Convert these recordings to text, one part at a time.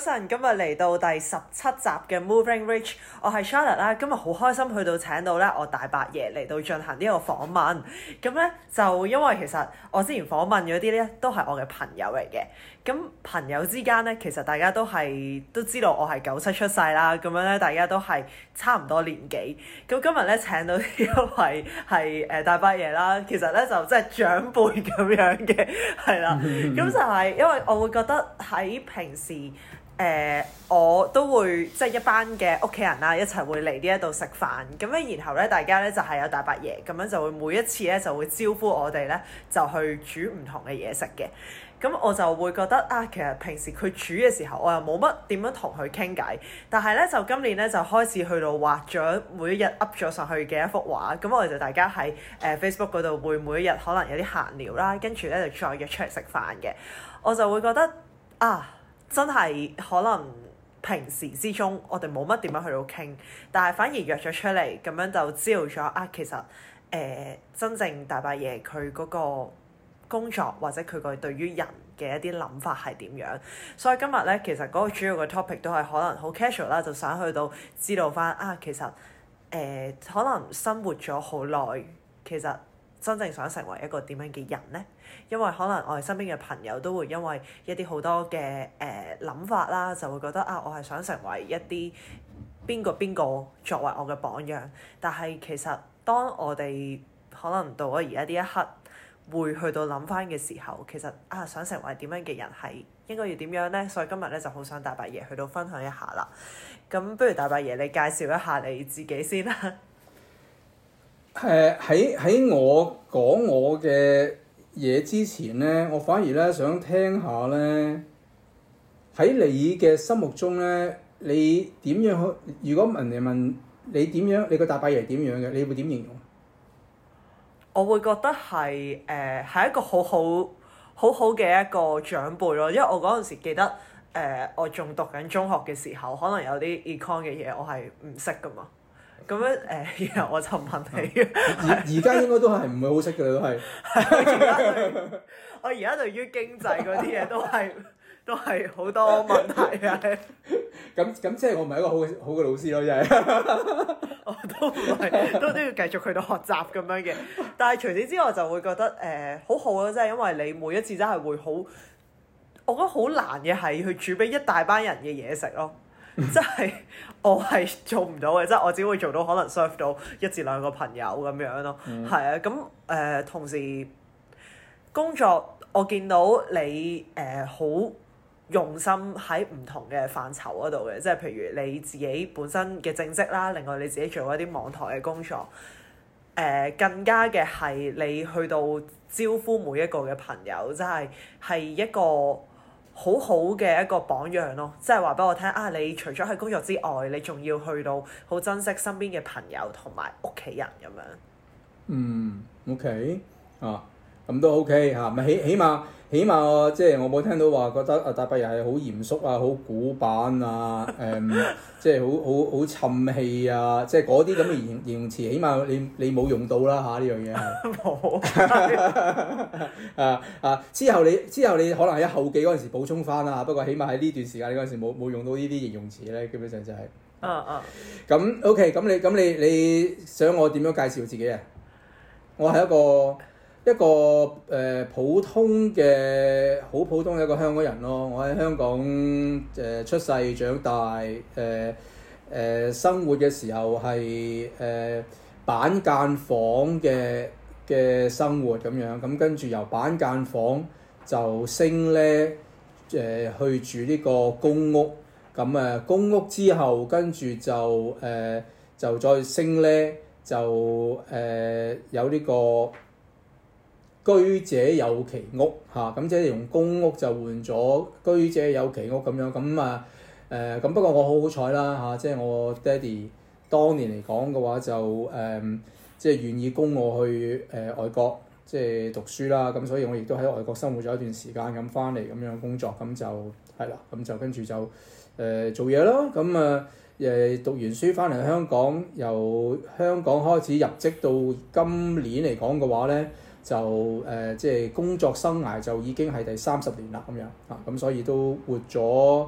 早晨，今日嚟到第十七集嘅 Moving Reach，我係 Charlotte 啦。今日好開心去到請到咧我大伯爺嚟到進行呢個訪問。咁咧就因為其實我之前訪問嗰啲咧都係我嘅朋友嚟嘅。咁朋友之間咧，其實大家都係都知道我係九七出世啦。咁樣咧，大家都係差唔多年紀。咁今日咧請到呢一位係誒大伯爺啦。其實咧就即係長輩咁樣嘅，係啦。咁就係因為我會覺得喺平時。誒、呃，我都會即係一班嘅屋企人啦，一齊會嚟呢一度食飯。咁樣然後咧，大家咧就係、是、有大伯爺，咁樣就會每一次咧就會招呼我哋咧，就去煮唔同嘅嘢食嘅。咁我就會覺得啊，其實平時佢煮嘅時候，我又冇乜點樣同佢傾偈。但係咧，就今年咧就開始去到畫咗每一日 up 咗上去嘅一幅畫。咁我哋就大家喺誒、呃、Facebook 嗰度會每一日可能有啲閒聊啦，跟住咧就再約出嚟食飯嘅。我就會覺得啊～真係可能平時之中，我哋冇乜點樣去到傾，但係反而約咗出嚟咁樣就知道咗啊。其實誒、呃、真正大伯爺佢嗰個工作或者佢個對於人嘅一啲諗法係點樣，所以今日咧其實嗰個主要嘅 topic 都係可能好 casual 啦，就想去到知道翻啊，其實誒、呃、可能生活咗好耐，其實。真正想成為一個點樣嘅人呢？因為可能我哋身邊嘅朋友都會因為一啲好多嘅誒諗法啦，就會覺得啊，我係想成為一啲邊個邊個作為我嘅榜樣。但係其實當我哋可能到咗而家呢一刻，會去到諗翻嘅時候，其實啊，想成為點樣嘅人係應該要點樣呢？所以今日咧就好想大伯爺去到分享一下啦。咁不如大伯爺你介紹一下你自己先啦。誒喺喺我講我嘅嘢之前咧，我反而咧想聽下咧，喺你嘅心目中咧，你點樣？如果問人哋問你點樣，你個大伯爺點樣嘅？你會點形容？我會覺得係誒係一個好好好好嘅一個長輩咯，因為我嗰陣時記得誒、呃、我仲讀緊中學嘅時候，可能有啲 econ 嘅嘢我係唔識㗎嘛。咁樣誒、呃，然後我就問你，而而家應該都係唔會好識嘅，你都係 我而家對於經濟嗰啲嘢都係都係好多問題啊！咁咁 即係我唔係一個好好嘅老師咯，真係。 我都唔係，都都要繼續去到學習咁樣嘅。但係除此之外，就會覺得誒、呃、好好咯，即係因為你每一次真係會好，我覺得好難嘅係去煮俾一大班人嘅嘢食咯。即係 我係做唔到嘅，即、就、係、是、我只會做到可能 serve 到一至兩個朋友咁樣咯。係 啊，咁誒、呃、同時工作，我見到你誒好、呃、用心喺唔同嘅範疇嗰度嘅，即係譬如你自己本身嘅正職啦，另外你自己做一啲網台嘅工作，誒、呃、更加嘅係你去到招呼每一個嘅朋友，即係係一個，好好嘅一個榜樣咯，即係話俾我聽啊！你除咗喺工作之外，你仲要去到好珍惜身邊嘅朋友同埋屋企人咁樣。嗯，OK 啊。咁都 OK 嚇，咪起起碼起碼，即係我冇聽到話覺得啊大伯爺係好嚴肅啊，好古板啊，誒，即係好好好沉氣啊，即係嗰啲咁嘅言形容詞，起碼你你冇用到啦嚇，呢樣嘢係啊啊！之後你之後你可能喺後幾嗰陣時補充翻啦，不過起碼喺呢段時間你嗰陣時冇冇用到呢啲形容詞咧，基本上就係啊啊咁 OK，咁你咁你你想我點樣介紹自己啊？我係一個。一個誒、呃、普通嘅好普通嘅一個香港人咯，我喺香港誒、呃、出世長大誒誒、呃呃、生活嘅時候係誒、呃、板間房嘅嘅生活咁樣，咁、嗯、跟住由板間房就升咧誒、呃、去住呢個公屋，咁、嗯、啊、呃、公屋之後跟住就誒、呃、就再升咧，就誒、呃、有呢、這個。居者有其屋，嚇、啊、咁、嗯、即係用公屋就換咗居者有其屋，咁樣咁，啊誒咁、呃、不過我好好彩啦嚇，即係我爹哋當年嚟講嘅話就誒、呃、即係願意供我去誒、呃、外國即係讀書啦。咁、啊、所以我亦都喺外國生活咗一段時間，咁翻嚟咁樣工作咁就係啦，咁就跟住就誒、呃、做嘢咯。咁啊誒讀完書翻嚟香港，由香港開始入職到今年嚟講嘅話咧。就誒、呃，即係工作生涯就已經係第三十年啦，咁樣啊，咁所以都活咗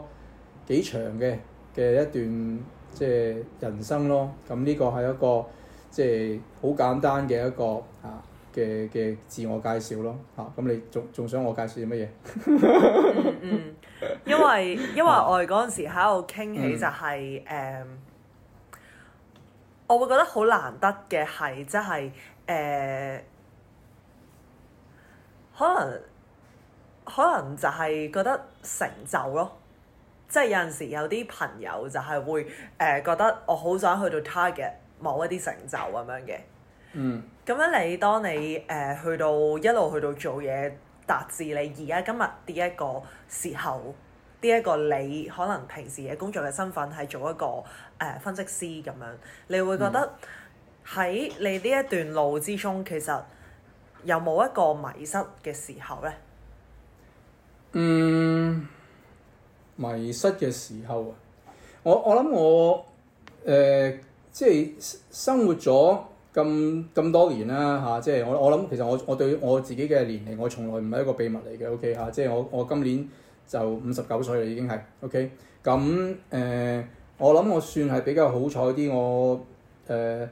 幾長嘅嘅一段即係人生咯。咁呢個係一個即係好簡單嘅一個啊嘅嘅自我介紹咯。嚇，咁你仲仲想我介紹啲乜嘢？嗯，因為因為我哋嗰陣時喺度傾起就係、是、誒、嗯呃，我會覺得好難得嘅係即係誒。就是呃可能可能就係覺得成就咯，即係有陣時有啲朋友就係會誒、呃、覺得我好想去到 target 某一啲成就咁樣嘅。嗯，咁樣你，你當你誒、呃、去到一路去到做嘢達至你而家今日呢一個時候，呢一個你可能平時嘅工作嘅身份係做一個誒、呃、分析師咁樣，你會覺得喺、嗯、你呢一段路之中其實。有冇一個迷失嘅時候咧？嗯，迷失嘅時候我我、呃、啊，我我諗我誒，即係生活咗咁咁多年啦嚇，即係我我諗其實我我對我自己嘅年齡，我從來唔係一個秘密嚟嘅，OK 嚇、啊，即係我我今年就五十九歲啦，已經係 OK、嗯。咁、呃、誒，我諗我算係比較好彩啲，我誒、呃，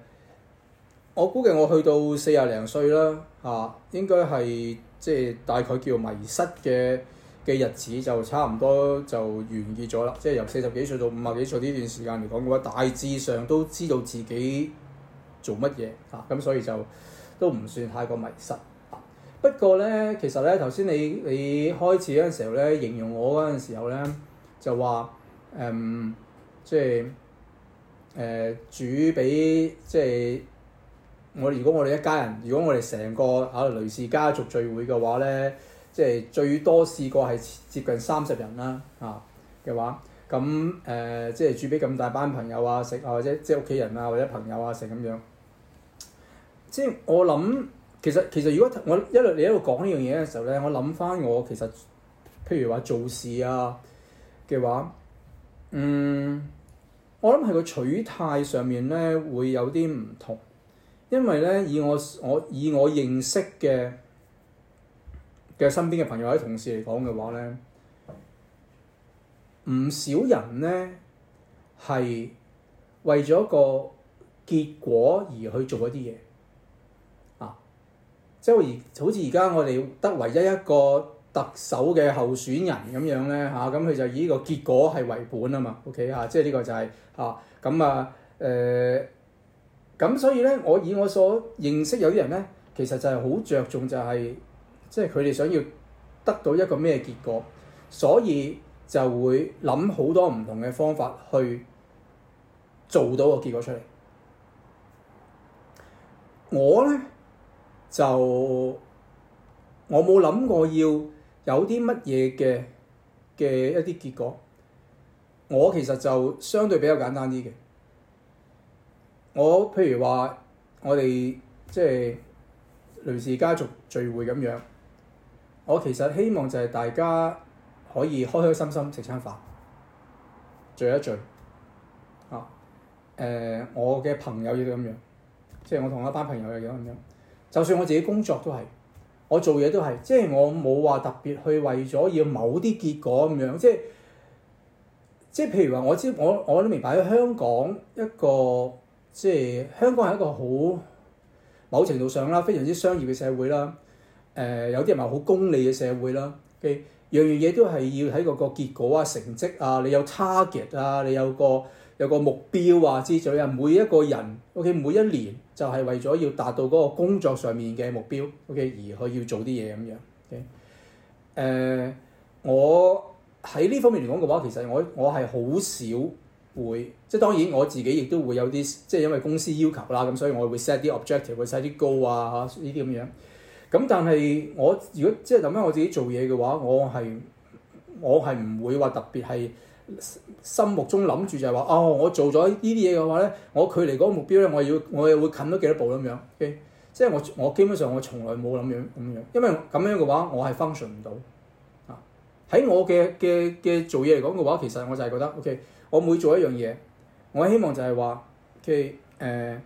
我估計我去到四廿零歲啦。啊，應該係即係大概叫迷失嘅嘅日子就差唔多就完結咗啦。即係由四十幾歲到五十幾歲呢段時間嚟講嘅話，大致上都知道自己做乜嘢啊，咁所以就都唔算太過迷失。不過咧，其實咧，頭先你你開始嗰陣時候咧，形容我嗰陣時候咧，就話誒、嗯，即係誒煮俾即係。我如果我哋一家人，如果我哋成個啊雷氏家族聚會嘅話咧，即係最多試過係接近三十人啦啊嘅、啊、話，咁誒、呃、即係煮俾咁大班朋友啊食啊，或者即係屋企人啊或者朋友啊食咁樣。即係我諗，其實其實如果我一路你一路講呢樣嘢嘅時候咧，我諗翻我其實譬如話做事啊嘅話，嗯，我諗係個取態上面咧會有啲唔同。因為咧，以我，我以我認識嘅嘅身邊嘅朋友或者同事嚟講嘅話咧，唔少人咧係為咗個結果而去做一啲嘢啊！即係好似而家我哋得唯一一個特首嘅候選人咁樣咧嚇，咁、啊、佢、嗯、就以呢個結果係為本啊嘛，OK 啊？即係呢個就係、嚇、啊咁啊誒。呃咁所以咧，我以我所認識有啲人咧，其實就係好着重就係，即係佢哋想要得到一個咩結果，所以就會諗好多唔同嘅方法去做到個結果出嚟。我咧就我冇諗過要有啲乜嘢嘅嘅一啲結果，我其實就相對比較簡單啲嘅。我譬如話，我哋即係類似家族聚會咁樣。我其實希望就係大家可以開開心心食餐飯，聚一聚啊。誒、呃，我嘅朋友亦都咁樣，即係我同一班朋友亦都咁樣。就算我自己工作都係，我做嘢都係，即係我冇話特別去為咗要某啲結果咁樣。即係即係，就是、譬如話我知我我都明白喺香港一個。即係香港係一個好某程度上啦，非常之商業嘅社會啦。誒、呃，有啲人話好功利嘅社會啦。嘅、okay? 樣樣嘢都係要喺個個結果啊、成績啊，你有 target 啊，你有個有個目標啊之類啊。每一個人，ok，每一年就係為咗要達到嗰個工作上面嘅目標，ok，而去要做啲嘢咁樣。誒、okay? 呃，我喺呢方面嚟講嘅話，其實我我係好少。會即係當然，我自己亦都會有啲即係因為公司要求啦，咁所以我會 set 啲 objective，會 set 啲 goal 啊，呢啲咁樣。咁但係我如果即係咁樣我自己做嘢嘅話，我係我係唔會話特別係心目中諗住就係話哦，我做咗呢啲嘢嘅話咧，我距離嗰個目標咧，我要我又會近多幾多步咁樣。Okay? 即係我我基本上我從來冇諗樣咁樣，因為咁樣嘅話我係 function 唔到啊。喺我嘅嘅嘅做嘢嚟講嘅話，其實我就係覺得 O K。Okay, 我每做一樣嘢，我希望就係話嘅誒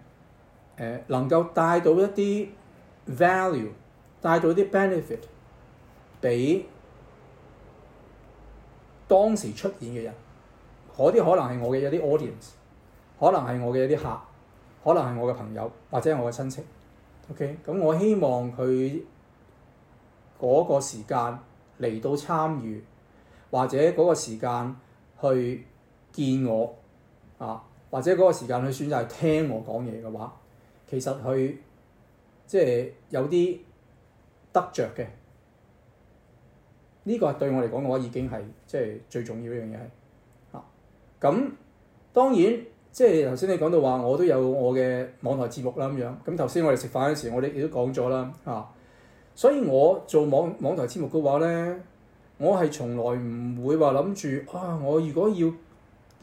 誒能夠帶到一啲 value，帶到啲 benefit 俾當時出現嘅人。嗰啲可能係我嘅一啲 audience，可能係我嘅一啲客，可能係我嘅朋友或者係我嘅親戚。OK，咁我希望佢嗰個時間嚟到參與，或者嗰個時間去，見我啊，或者嗰個時間去選擇去聽我講嘢嘅話，其實佢即係有啲得着嘅。呢個係對我嚟講嘅話，已經係即係最重要一，啊，樣嘢。嚇咁當然即係頭先你講到話，我都有我嘅網台節目啦。咁樣咁頭先我哋食飯嗰時我，我哋亦都講咗啦嚇。所以我做網網台節目嘅話咧，我係從來唔會話諗住啊。我如果要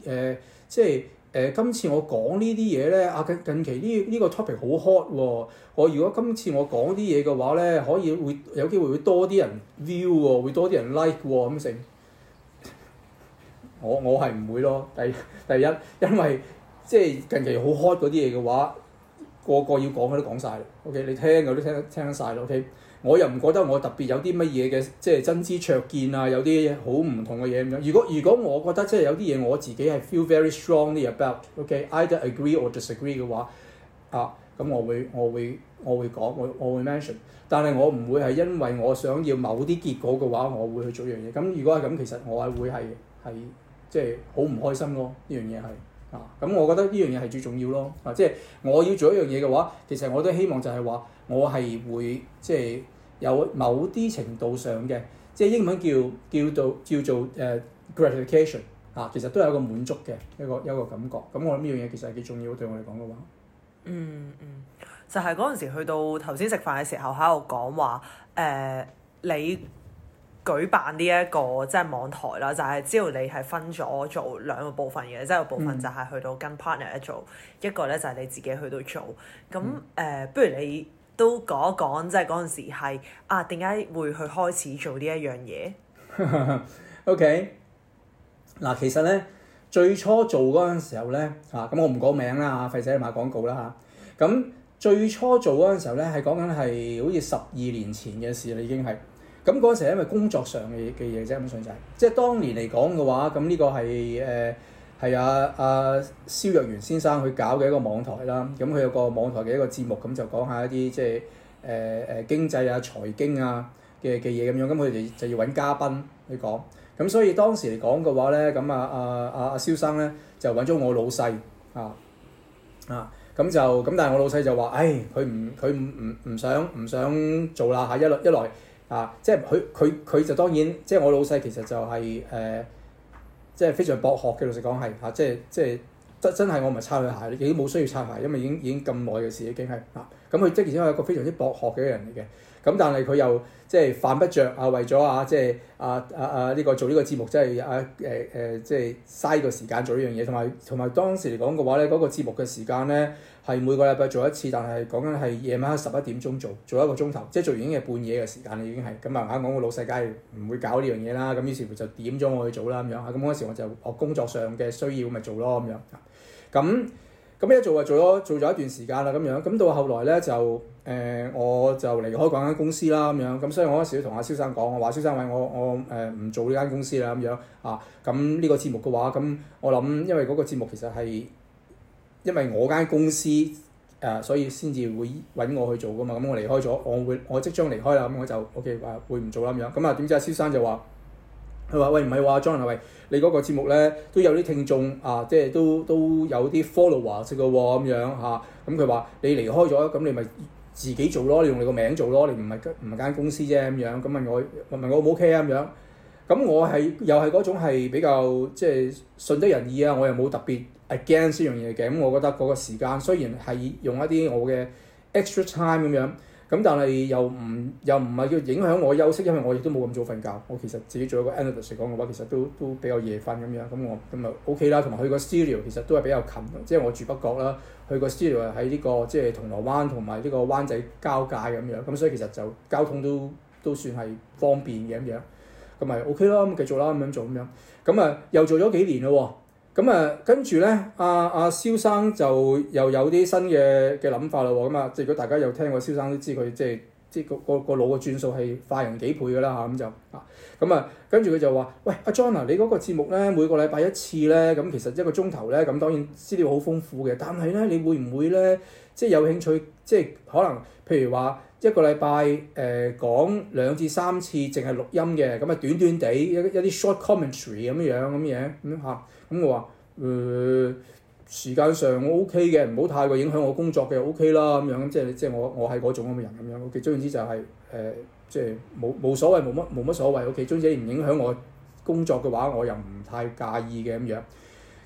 誒、呃，即係誒、呃，今次我講呢啲嘢咧，啊近近期呢呢個 topic 好 hot 喎。我如果今次我講啲嘢嘅話咧，可以會，有機會會多啲人 view 喎，會多啲人 like 喎，咁成。我我係唔會咯。第第一，因為即係近期好 hot 嗰啲嘢嘅話，個個要講嘅都講晒，OK，你聽我都聽聽得曬啦。OK。我又唔覺得我特別有啲乜嘢嘅，即係真知灼見啊，有啲好唔同嘅嘢咁樣。如果如果我覺得即係有啲嘢我自己係 feel very strongly about，ok，either agree or disagree 嘅話，啊，咁我會我會我會講我我會 mention，但係我唔會係因為我想要某啲結果嘅話，我會去做樣嘢。咁如果係咁，其實我係會係係即係好唔開心咯，呢樣嘢係。.啊！咁我覺得呢樣嘢係最重要咯。啊，即係我要做一樣嘢嘅話，其實我都希望就係話我係會即係有某啲程度上嘅，即係英文叫叫，叫做叫做、uh, 誒 gratification 啊。其實都有一個滿足嘅一個一個，一個感覺。咁我諗呢樣嘢其實係幾重要對我嚟講嘅話。嗯嗯，就係嗰陣時去到頭先食飯嘅時候喺度講話誒、呃、你。舉辦呢、這、一個即係網台啦，就係只要你係分咗做兩個部分嘅，即係、嗯、部分就係去到跟 partner 一做，一個咧就係你自己去到做。咁誒、嗯呃，不如你都講一講，即係嗰陣時係啊點解會去開始做呢一樣嘢？OK，嗱其實咧，最初做嗰陣時候咧嚇，咁、啊、我唔講名啦嚇，費事你買廣告啦嚇。咁、啊、最初做嗰陣時候咧，係講緊係好似十二年前嘅事啦，你已經係。咁嗰陣時係因為工作上嘅嘅嘢啫，咁信。就係即係當年嚟講嘅話，咁呢個係誒係啊啊蕭若元先生去搞嘅一個網台啦。咁佢有個網台嘅一個節目，咁就講下一啲即係誒誒經濟啊、財經啊嘅嘅嘢咁樣。咁佢哋就要揾嘉賓去講。咁所以當時嚟講嘅話咧，咁啊啊啊蕭生咧就揾咗我老細啊啊咁就咁，但係我老細就話：唉，佢唔佢唔唔唔想唔想做啦嚇！一來。一來啊！即係佢佢佢就當然，即係我老細其實就係、是、誒、呃，即係非常博學嘅老實講係嚇，即係即係真真係我唔係擦佢鞋，亦都冇需要擦鞋，因為已經已經咁耐嘅事已經係啊！咁佢即其實而且係一個非常之博學嘅人嚟嘅，咁但係佢又即係犯不着啊，為咗啊即係啊啊啊呢個做呢個節目真係啊誒誒即係嘥個時間做呢樣嘢，同埋同埋當時嚟講嘅話咧，嗰、那個節目嘅時間咧。係每個禮拜做一次，但係講緊係夜晚十一點鐘做，做一個鐘頭，即係做完已經係半夜嘅時間啦，已經係咁啊！硬講個老細梗係唔會搞呢樣嘢啦，咁於是乎就點咗我去做啦咁樣啊！咁嗰時我就我工作上嘅需要，咪做咯咁樣咁咁一做啊，做咗做咗一段時間啦，咁樣咁到後來咧就誒、呃，我就離開嗰間公司啦，咁樣咁，所以我嗰時都同阿蕭生講，我話蕭生，我我誒唔、呃、做呢間公司啦，咁樣，咁樣啊！咁呢個節目嘅話，咁我諗，因為嗰個節目其實係。因為我間公司誒、呃，所以先至會揾我去做噶嘛。咁、嗯、我離開咗，我會我即將離開啦。咁、嗯、我就 O K 話會唔做啦咁樣。咁啊點知阿蕭生就話佢話喂唔係喎，莊啊，喂，John，喂你嗰個節目咧都有啲聽眾啊，即係都都有啲 follower 識噶喎咁樣嚇。咁佢話你離開咗，咁、嗯、你咪自己做咯，你用你個名做咯，你唔係唔係間公司啫咁樣。咁問我問問我好 OK 啊咁樣。咁我係又係嗰種係比較、就是、即係順得人意啊，我又冇特別。again 呢樣嘢嘅，咁我覺得嗰個時間雖然係用一啲我嘅 extra time 咁樣，咁但係又唔又唔係叫影響我休息，因為我亦都冇咁早瞓覺。我其實自己做一個 analysis 講嘅話，其實都都比較夜瞓咁樣。咁我咁啊 OK 啦，同埋佢個 studio 其實都係比較近，即係我住北角啦，佢個 studio 係喺呢個即係銅鑼灣同埋呢個灣仔交界咁樣。咁所以其實就交通都都算係方便嘅咁樣。咁咪 OK 咯，咁繼續啦，咁樣做咁樣。咁啊，又做咗幾年咯喎～咁啊，跟住咧，阿阿蕭生就又有啲新嘅嘅諗法啦喎。咁啊，即如果大家有聽過蕭生都知佢即係即係個個個腦嘅轉數係快人幾倍㗎啦嚇。咁就啊，咁啊，跟住佢就話：喂阿 John 你嗰個節目咧每個禮拜一次咧，咁其實一個鐘頭咧，咁當然資料好豐富嘅，但係咧你會唔會咧即係有興趣即係可能譬如話一個禮拜誒講兩至三次，淨係錄音嘅，咁啊短短短地一一啲 short commentary 咁樣樣咁嘢咁嚇。咁我話誒、嗯、時間上我 O K 嘅，唔好太過影響我工作嘅 O K 啦，咁樣即係即係我我係嗰種咁嘅人咁樣。O、OK, K，總言之就係、是、誒、呃、即係冇冇所謂，冇乜冇乜所謂。O、OK, K，總之你唔影響我工作嘅話，我又唔太介意嘅咁樣。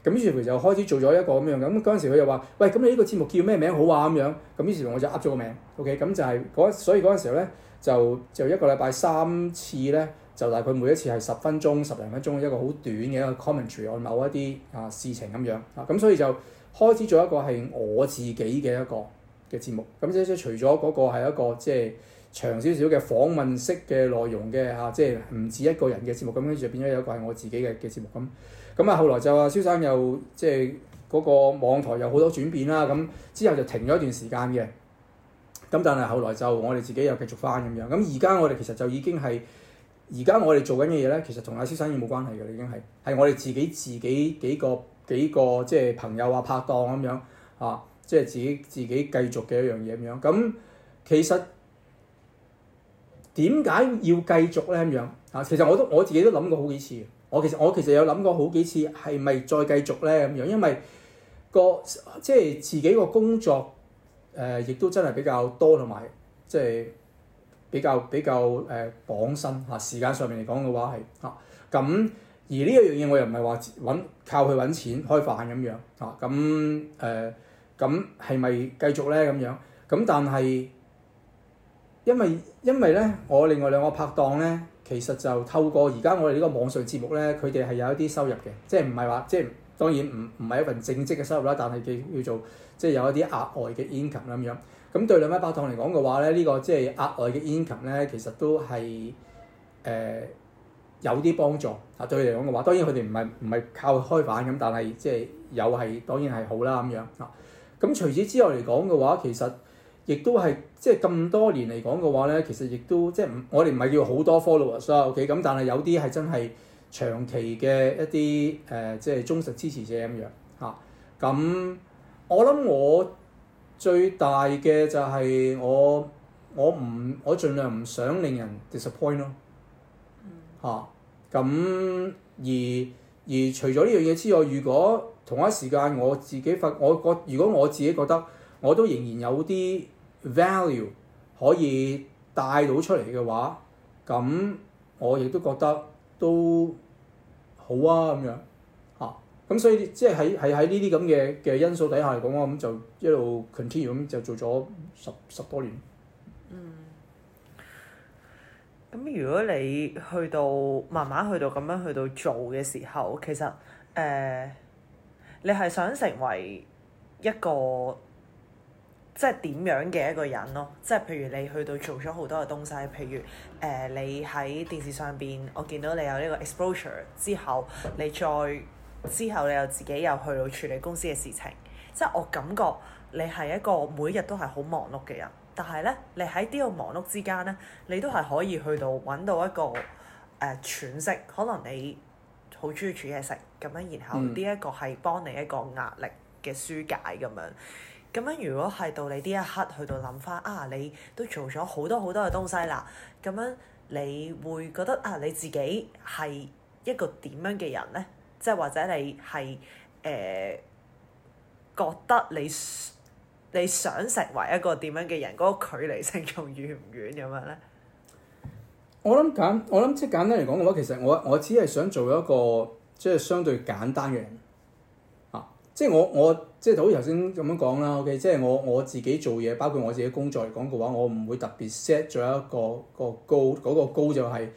咁於是乎就開始做咗一個咁樣。咁嗰陣時佢又話：喂，咁你呢個節目叫咩名好啊？咁樣。咁於是乎我就噏咗個名。O K，咁就係、是、所以嗰陣時候咧，就就一個禮拜三次咧。就大概每一次係十分鐘、十零分鐘，一個好短嘅一個 commentary 按某一啲啊事情咁樣啊，咁所以就開始做一個係我自己嘅一個嘅節目。咁即係即除咗嗰個係一個即係長少少嘅訪問式嘅內容嘅吓，即係唔止一個人嘅節目。咁跟住就變咗有一個係我自己嘅嘅節目。咁、啊、咁啊，後來就阿蕭生又即係嗰個網台有好多轉變啦。咁、啊啊、之後就停咗一段時間嘅。咁、啊、但係後來就我哋自己又繼續翻咁樣。咁而家我哋其實就已經係。而家我哋做緊嘅嘢咧，其實同亞洲生意冇關係嘅，已經係係我哋自己自己幾個幾個即係、就是、朋友啊拍檔咁樣啊，即係自己自己繼續嘅一樣嘢咁樣。咁其實點解要繼續咧咁樣啊？其實我都我自己都諗過好幾次。我其實我其實有諗過好幾次，係咪再繼續咧咁樣？因為個即係自己個工作誒，亦、呃、都真係比較多同埋即係。比較比較誒綁身，嚇、呃、時間上面嚟講嘅話係嚇。咁而呢一樣嘢我又唔係話揾靠佢揾錢開飯咁樣嚇，咁誒，咁係咪繼續咧咁樣？咁但係因為因為咧我另外兩個拍檔咧，其實就透過而家我哋呢個網上節目咧，佢哋係有一啲收入嘅，即係唔係話即係當然唔唔係一份正職嘅收入啦，但係叫叫做即係、就係、有一啲額外嘅 income 咁樣。咁對兩位八堂嚟講嘅話咧，呢、這個即係額外嘅 income 咧，其實都係誒、呃、有啲幫助嚇、啊。對佢嚟講嘅話，當然佢哋唔係唔係靠開飯咁，但係即係有係當然係好啦、啊、咁樣嚇。咁、啊、除此之外嚟講嘅話，其實亦都係即係咁多年嚟講嘅話咧，其實亦都即係唔我哋唔係叫好多 followers 啊，OK？咁但係有啲係真係長期嘅一啲誒即係忠實支持者咁、啊啊、樣嚇。咁我諗我。最大嘅就係我我唔我盡量唔想令人 disappoint 咯吓，咁啊，而而除咗呢樣嘢之外，如果同一時間我自己發我覺如果我自己覺得我都仍然有啲 value 可以帶到出嚟嘅話，咁我亦都覺得都好啊咁樣。咁所以即係喺喺喺呢啲咁嘅嘅因素底下嚟講，我咁就一路 continue 咁就做咗十十多年。嗯。咁如果你去到慢慢去到咁樣去到做嘅時候，其實誒、呃、你係想成為一個即係點樣嘅一個人咯？即係譬如你去到做咗好多嘅東西，譬如誒、呃、你喺電視上邊，我見到你有呢個 exposure 之後，你再。之後，你又自己又去到處理公司嘅事情，即係我感覺你係一個每日都係好忙碌嘅人。但係咧，你喺呢個忙碌之間咧，你都係可以去到搵到一個誒、呃、喘息。可能你好中意煮嘢食咁樣，然後呢一個係幫你一個壓力嘅疏解咁樣。咁樣如果係到你呢一刻去到諗返啊，你都做咗好多好多嘅東西啦。咁樣你會覺得啊，你自己係一個點樣嘅人咧？即係或者你係誒、呃、覺得你你想成為一個點樣嘅人？嗰、那個距離性仲遠唔遠咁樣咧？我諗簡，我諗即係簡單嚟講嘅話，其實我我只係想做一個即係相對簡單嘅人啊！即係我我即係好似頭先咁樣講啦，OK？即係我我自己做嘢，包括我自己工作嚟講嘅話，我唔會特別 set 咗一個一個高嗰個高就係、是。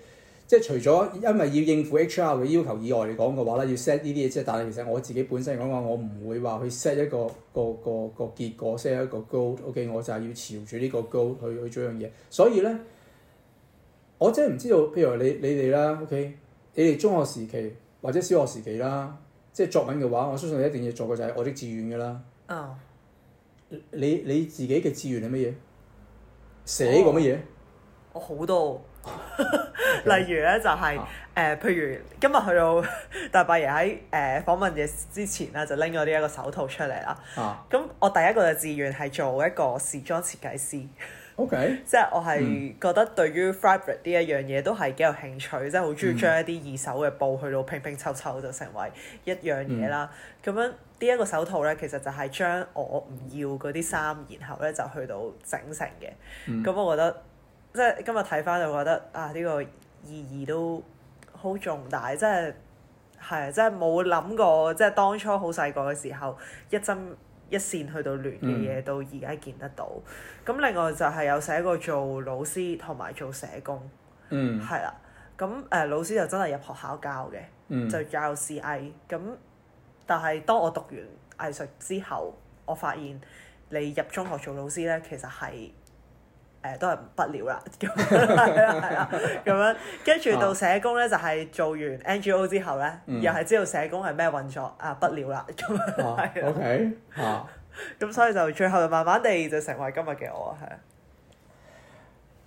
即係除咗因為要應付 HR 嘅要求以外嚟講嘅話咧，要 set 呢啲嘢。即係但係其實我自己本身嚟講話，我唔會話去 set 一個一個一個個結果 set 一個 goal。O.K. 我就係要朝住呢個 goal 去去做一樣嘢。所以咧，我真係唔知道，譬如你你哋啦，O.K. 你哋中學時期或者小學時期啦，即係作文嘅話，我相信你一定要做嘅就係我的志願㗎喇。Oh. 你你自己嘅志願係乜嘢？寫過乜嘢？我好多。 例如咧就係、是、誒、啊呃，譬如今日去到大伯爺喺誒訪問嘢之前啦，就拎咗呢一個手套出嚟啦。咁、啊、我第一個嘅志願係做一個時裝設計師。O Okay . K，即係我係覺得對於 fabric 呢一樣嘢都係幾有興趣，即係好中意將一啲二手嘅布去到拼拼湊湊就成為一、嗯、樣嘢啦。咁樣呢一個手套咧，其實就係將我唔要嗰啲衫，然後咧就去到整成嘅。咁我覺得。即係今日睇翻就覺得啊，呢、呢個意義都好重大，即係係即係冇諗過，即係當初好細個嘅時候一針一線去到亂嘅嘢，嗯、到而家見得到。咁另外就係有寫過做老師同埋做社工，嗯，係啦。咁誒、呃、老師就真係入學校教嘅，嗯、就教視藝。咁但係當我讀完藝術之後，我發現你入中學做老師咧，其實係。誒都係不，不了啦，係啦係啦，咁樣跟住到社工咧，啊、就係做完 NGO 之後咧，嗯、又係知道社工係咩運作啊，不了啦咁樣，係啦 OK 吓，咁、啊 okay，啊、 所以就最後就慢慢地就成為今日嘅我係。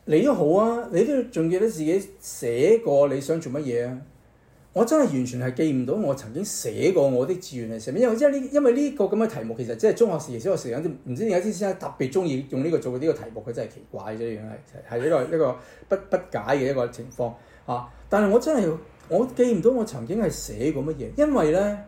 你都好啊，你都仲記得自己寫過你想做乜嘢啊？我真係完全係記唔到我曾經寫過我的志願係寫乜，因為因為呢、這個、因為呢個咁嘅題目其實即係中學時期、小學時間，唔知點解，師生特別中意用呢個做呢個題目，佢真係奇怪啫樣係，係一個一個不不解嘅一個情況啊！但係我真係我記唔到我曾經係寫過乜嘢，因為咧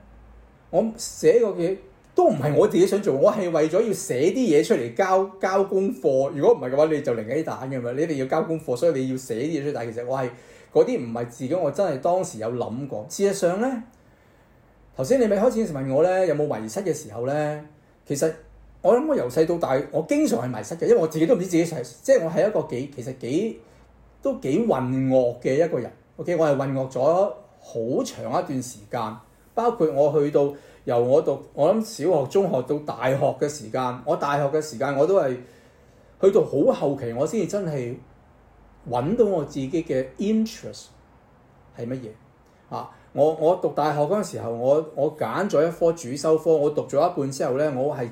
我寫過嘅都唔係我自己想做，我係為咗要寫啲嘢出嚟交交功課。如果唔係嘅話，你就零雞蛋嘅嘛，你一定要交功課，所以你要寫啲嘢出嚟。但係其實我係。嗰啲唔係自己，我真係當時有諗過。事實上咧，頭先你未開始時問我咧，有冇迷失嘅時候咧？其實我諗，我由細到大，我經常係迷失嘅，因為我自己都唔知自己係，即係我係一個幾其實幾都幾混噩嘅一個人。OK，我係混噩咗好長一段時間，包括我去到由我讀，我諗小學、中學到大學嘅時間，我大學嘅時間我都係去到好後期我，我先至真係，揾到我自己嘅 interest 係乜嘢啊？我我讀大學嗰陣時候，我我揀咗一科主修科，我讀咗一半之後咧，我係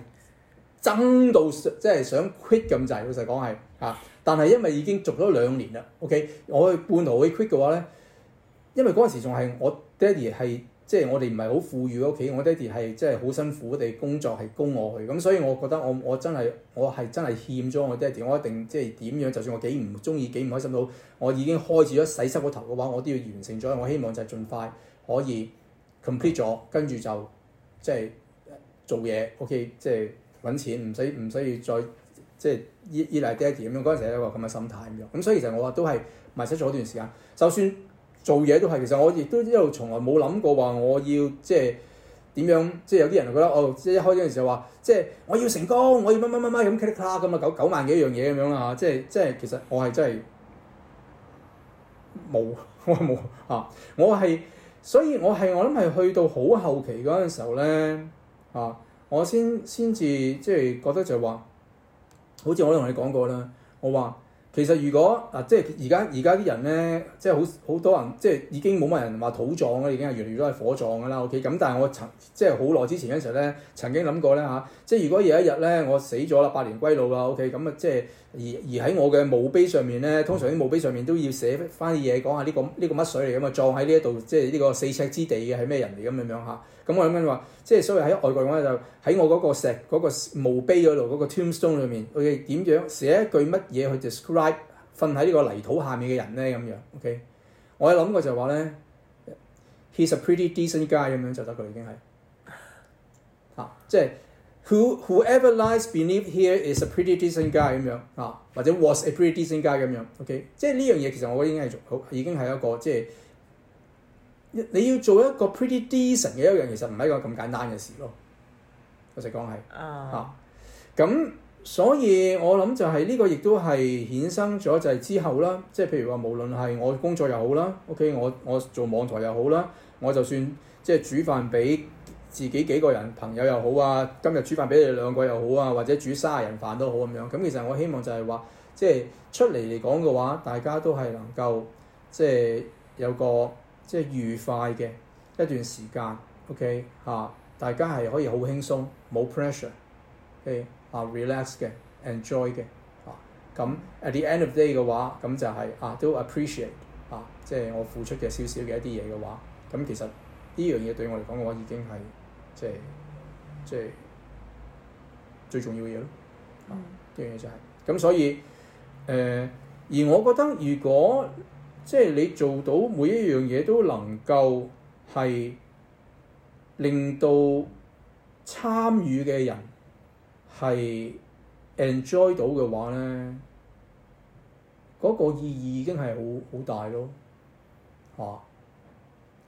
憎到即係想 quit 咁滯。老實講係啊，但係因為已經讀咗兩年啦，OK，我去半途去 quit 嘅話咧，因為嗰陣時仲係我爹哋係。即係我哋唔係好富裕嘅屋企，我爹哋係即係好辛苦地工作係供我佢，咁所以我覺得我我真係我係真係欠咗我爹哋，我一定即係點樣，就算我幾唔中意幾唔開心到，我已經開始咗洗濕個頭嘅話，我都要完成咗。我希望就係盡快可以 complete 咗，跟住就即係做嘢，OK，即係揾錢，唔使唔需要再即係依依賴爹哋咁樣。嗰陣時係一個咁嘅心態咁樣。咁所以其實我話都係迷失咗一段時間，就算。做嘢都係，其實我亦都一路從來冇諗過話我要即係點樣，即係有啲人覺得哦，即係一開始嗰陣時就話，即係我要成功，我要乜乜乜乜咁咔啦，咁啊九九萬幾樣嘢咁樣啦嚇、啊，即係即係其實我係真係冇，我係冇啊！我係所以我係我諗係去到好後期嗰陣時候咧啊，我先先至即係覺得就係話，好似我同你講過啦，我話。其實如果啊，即係而家而家啲人咧，即係好好多人，即係已經冇乜人話土葬啦，已經係越嚟越都係火葬㗎啦。OK，咁但係我曾即係好耐之前嗰陣咧，曾經諗過咧嚇、啊，即係如果有一日咧我死咗啦，百年歸老啦，OK，咁、嗯、啊即係。而而喺我嘅墓碑上面咧，通常啲墓碑上面都要寫翻啲嘢，講下呢個呢個乜水嚟噶嘛，葬喺呢一度即係呢個四尺之地嘅係咩人嚟咁樣嚇。咁我諗緊話，即係所謂喺外國嘅話就喺我嗰個石嗰個墓碑嗰度嗰個 tombstone 裏面，ok 點樣寫一句乜嘢去 describe 瞓喺呢個泥土下面嘅人咧咁樣？ok 我係諗過就係話咧，he's a pretty decent guy 咁樣就得佢已經係嚇、啊，即係。Whoever lies beneath here is a pretty decent guy 咁樣，啊，或者 was a pretty decent guy 咁樣 OK? 即係呢樣嘢其實我已經係做好，已經係一個即係你要做一個 pretty decent 嘅一樣，其實唔係一個咁簡單嘅事咯。我直講係啊，咁所以我諗就係呢個亦都係衍生咗就係之後啦，即係譬如話無論係我工作又好啦，OK，我我做網台又好啦，我就算即係煮飯俾自己幾個人朋友又好啊，今日煮飯俾你哋兩個又好啊，或者煮卅人飯都好咁、啊、樣。咁其實我希望就係話，即、就、係、是、出嚟嚟講嘅話，大家都係能夠即係、就是、有個即係、就是、愉快嘅一段時間。OK 嚇、啊，大家係可以好輕鬆，冇 pressure，OK? 啊 relax 嘅，enjoy 嘅。嚇咁 at the end of day 嘅話，咁就係、是、啊都 appreciate 啊，即、就、係、是、我付出嘅少少嘅一啲嘢嘅話，咁、啊、其實呢樣嘢對我嚟講我已經係。即係，即係、就是就是、最重要嘅嘢咯。呢樣嘢就係、是、咁，所以誒、呃，而我覺得，如果即係、就是、你做到每一樣嘢都能夠係令到參與嘅人係 enjoy 到嘅話咧，嗰、那個意義已經係好好大咯，係、啊、嘛？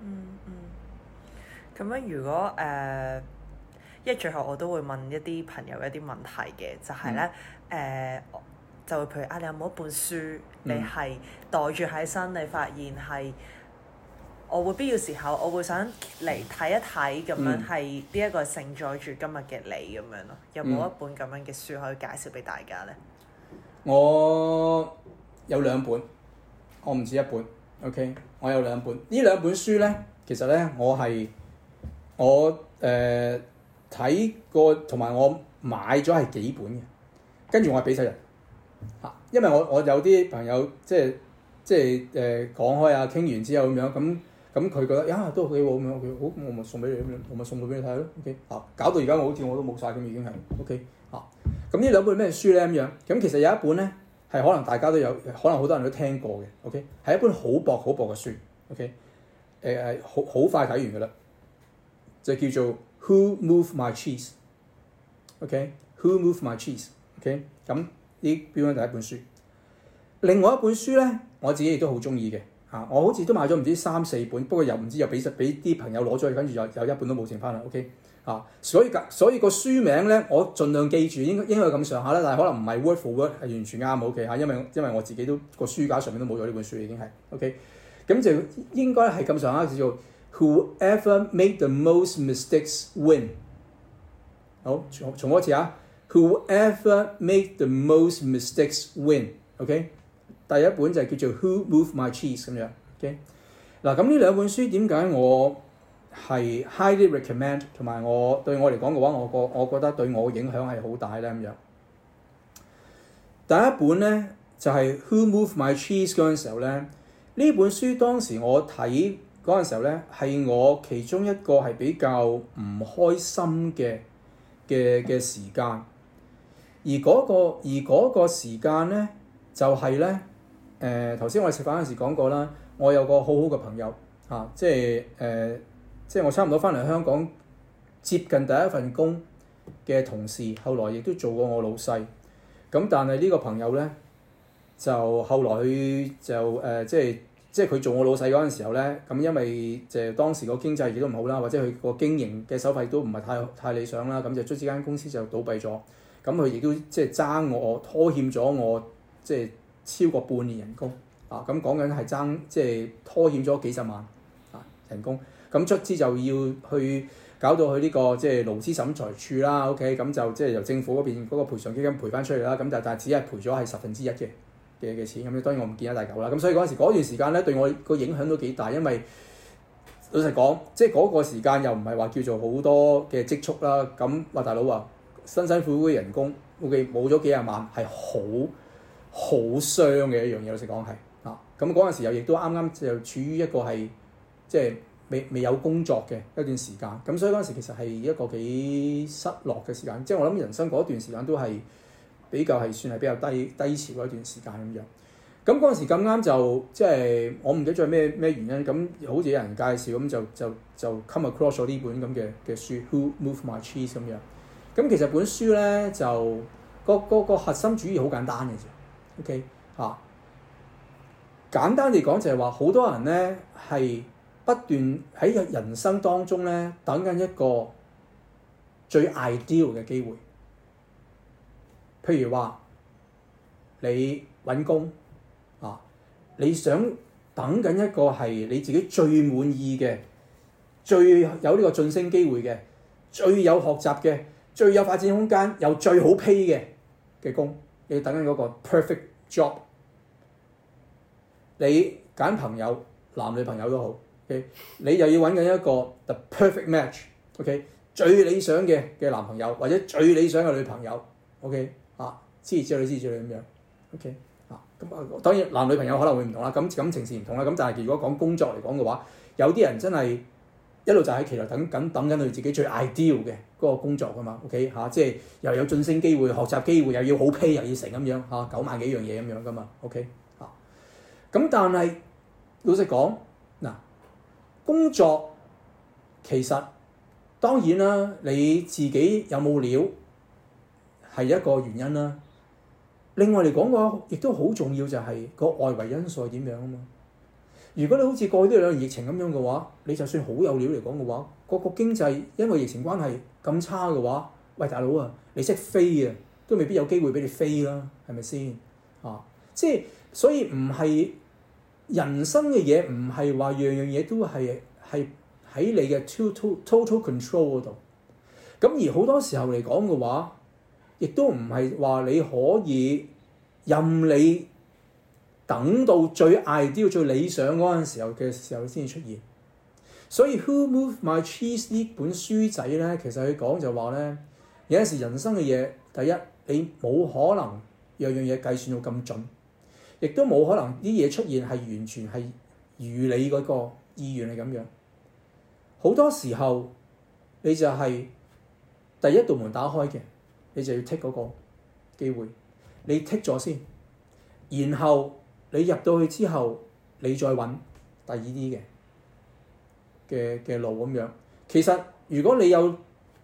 嗯嗯，咁、嗯、樣如果誒、呃，因為最後我都會問一啲朋友一啲問題嘅，就係咧誒，就會譬如啊，你有冇一本書你係袋住喺身，嗯、你發現係我會必要時候，我會想嚟睇一睇咁樣，係呢一個盛載住今日嘅你咁樣咯。有冇一本咁樣嘅書可以介紹俾大家咧、嗯？我有兩本，我唔止一本。O.K. 我有兩本，呢兩本書咧，其實咧我係我誒睇、呃、過，同埋我買咗係幾本嘅，跟住我係俾晒人嚇，因為我我有啲朋友即係即係誒講開啊，傾、即係即係、完之後咁樣咁咁佢覺得啊都幾好咁樣，好我咪送俾你，咁我咪送佢俾你睇咯。O.K. 嚇，搞到而家我好似我都冇晒，咁，已經係、啊、O.K. 嚇，咁呢兩本咩書咧咁樣？咁其實有一本咧，係可能大家都有，可能好多人都聽過嘅，OK，係一本好薄好薄嘅書，OK，誒、呃、誒，好快睇完嘅啦，就叫做 Who Moved My Cheese，OK，Who、okay? Moved My Cheese，OK，okay? 咁呢邊第一本書。另外一本書呢，我自己亦都好鍾意嘅。啊！我好似都買咗唔知三四本，不過又唔知又俾俾啲朋友攞咗去，跟住又又一本都冇剩翻啦。OK，啊，所以㗎，所以個書名咧，我盡量記住，應該應該咁上下啦，但係可能唔係 word for word 係完全啱嘅。OK 嚇、啊，因為因為我自己都個書架上面都冇咗呢本書已經係 OK，咁就應該係咁上下叫做 Whoever made the most mistakes win。好，重重播一次啊。Whoever made the most mistakes win。OK。第一本就係叫做《Who Moved My Cheese》咁樣。嗱，咁呢兩本書點解我係 highly recommend 同埋我對我嚟講嘅話，我個我覺得對我影響係好大咧咁樣。第一本咧就係、是《Who Moved My Cheese》嗰陣時候咧，呢本書當時我睇嗰陣時候咧，係我其中一個係比較唔開心嘅嘅嘅時間。而嗰、那個而嗰個時間咧，就係、是、咧。誒頭先我哋食飯嗰時講過啦，我有個好好嘅朋友嚇、啊，即係誒、呃，即係我差唔多翻嚟香港接近第一份工嘅同事，後來亦都做過我老細。咁、嗯、但係呢個朋友咧，就後來佢就誒、呃，即係即係佢做我老細嗰陣時候咧，咁、嗯、因為就當時個經濟亦都唔好啦，或者佢個經營嘅手法都唔係太太理想啦，咁、嗯、就卒、是、之間公司就倒閉咗。咁佢亦都即係爭我拖欠咗我即係。超過半年人工啊，咁講緊係爭，即、就、係、是、拖欠咗幾十萬啊人工，咁卒之就要去搞到去呢、這個即係勞資審裁處啦、啊。OK，咁就即係、就是、由政府嗰邊嗰、那個賠償基金賠翻出嚟啦。咁、啊、但但只係賠咗係十分之一嘅嘅錢咁樣、啊。當然我唔見得大狗啦。咁、啊、所以嗰陣時嗰段時間咧，對我個影響都幾大，因為老實講，即係嗰個時間又唔係話叫做好多嘅積蓄啦。咁話大佬話辛辛苦苦嘅人工，OK，冇咗幾廿萬係好。好傷嘅一樣嘢，老實講係啊。咁嗰陣時又亦都啱啱就處於一個係即係未未有工作嘅一段時間。咁、嗯、所以嗰陣時其實係一個幾失落嘅時間。即、就、係、是、我諗人生嗰段時間都係比較係算係比較低低潮嗰一段時間咁樣。咁嗰陣時咁啱就即係、就是、我唔記得咗係咩咩原因。咁、嗯、好似有人介紹咁就就就，就 come across 咗呢本咁嘅嘅書《Who Moved My Cheese》咁樣。咁、嗯嗯、其實本書咧就、嗰個個、嗰個核心主義好簡單嘅啫。OK，啊，簡單嚟講就係話，好多人咧係不斷喺人生當中咧等緊一個最 ideal 嘅機會。譬如話你揾工啊，你想等緊一個係你自己最滿意嘅、最有呢個晉升機會嘅、最有學習嘅、最有發展空間又最好 pay 嘅嘅工。你要等緊嗰個 perfect job，你揀朋友，男女朋友都好，OK，你又要揾緊一個 the perfect match，OK，最理想嘅嘅男朋友或者最理想嘅女朋友，OK，啊，支持你支持你咁樣，OK，啊，咁啊當然男女朋友可能會唔同啦，咁感情是唔同啦，咁但係如果講工作嚟講嘅話，有啲人真係。一路就喺期待等等緊佢自己最 ideal 嘅嗰、那個工作噶嘛，OK 嚇、啊，即係又有晉升機會、學習機會，又要好 pay 又要成咁樣嚇、啊，九萬幾樣嘢咁樣噶嘛，OK 嚇、啊。咁但係老實講，嗱，工作其實當然啦，你自己有冇料係一個原因啦、啊。另外嚟講嘅話，亦都好重要就係、是、個外圍因素係點樣啊嘛。如果你好似過去呢兩年疫情咁樣嘅話，你就算好有料嚟講嘅話，個個經濟因為疫情關係咁差嘅話，喂，大佬啊，你識飛啊，都未必有機會俾你飛啦、啊，係咪先？啊，即係所以唔係人生嘅嘢，唔係話樣樣嘢都係係喺你嘅 total total control 度。咁而好多時候嚟講嘅話，亦都唔係話你可以任你。等到最 ideal、最理想嗰陣時候嘅時候先至出現，所以《Who Moved My Cheese》呢本書仔咧，其實佢講就話咧，有陣時人生嘅嘢，第一你冇可能樣樣嘢計算到咁準，亦都冇可能啲嘢出現係完全係如你嗰個意願係咁樣。好多時候，你就係第一道門打開嘅，你就要 take 嗰個機會，你 take 咗先，然後。你入到去之後，你再揾第二啲嘅嘅嘅路咁樣。其實如果你有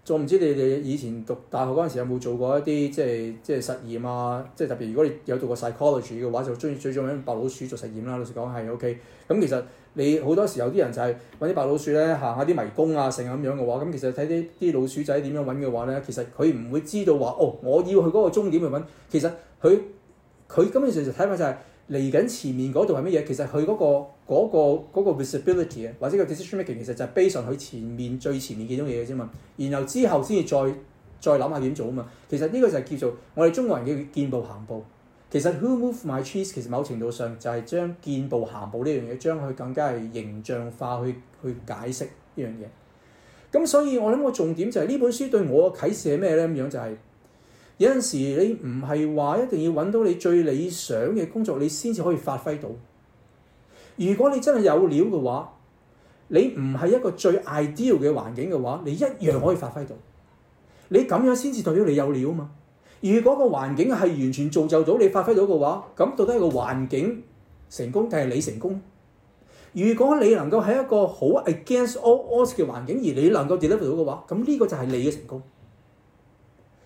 仲唔知你哋以前讀大學嗰陣時有冇做過一啲即係即係實驗啊，即係特別如果你有讀過 psychology 嘅話，就中意最中意白老鼠做實驗啦。老實講係 OK。咁、嗯、其實你好多時候有啲人就係揾啲白老鼠咧，行下啲迷宮啊，成咁樣嘅話，咁、嗯、其實睇啲啲老鼠仔點樣揾嘅話咧，其實佢唔會知道話哦，我要去嗰個終點去揾。其實佢佢根本上就睇法就係、是。嚟緊前面嗰度係乜嘢？其實佢嗰個嗰個嗰個 visibility 啊，或者個 decision making 其實就係 base on 佢前面最前面幾種嘢嘅啫嘛。然後之後先至再再諗下點做啊嘛。其實呢個就係叫做我哋中國人嘅見步行步。其實 who move my cheese 其實某程度上就係將見步行步呢樣嘢將佢更加係形象化，去去解釋呢樣嘢。咁所以我諗個重點就係呢本書對我嘅啟示係咩咧？咁樣就係、是。有陣時你唔係話一定要揾到你最理想嘅工作，你先至可以發揮到。如果你真係有料嘅話，你唔係一個最 ideal 嘅環境嘅話，你一樣可以發揮到。你咁樣先至代表你有料啊嘛。如果個環境係完全造就到你發揮到嘅話，咁到底係個環境成功定係你成功？如果你能夠喺一個好 against all odds 嘅環境而你能夠 deliver 到嘅話，咁呢個就係你嘅成功。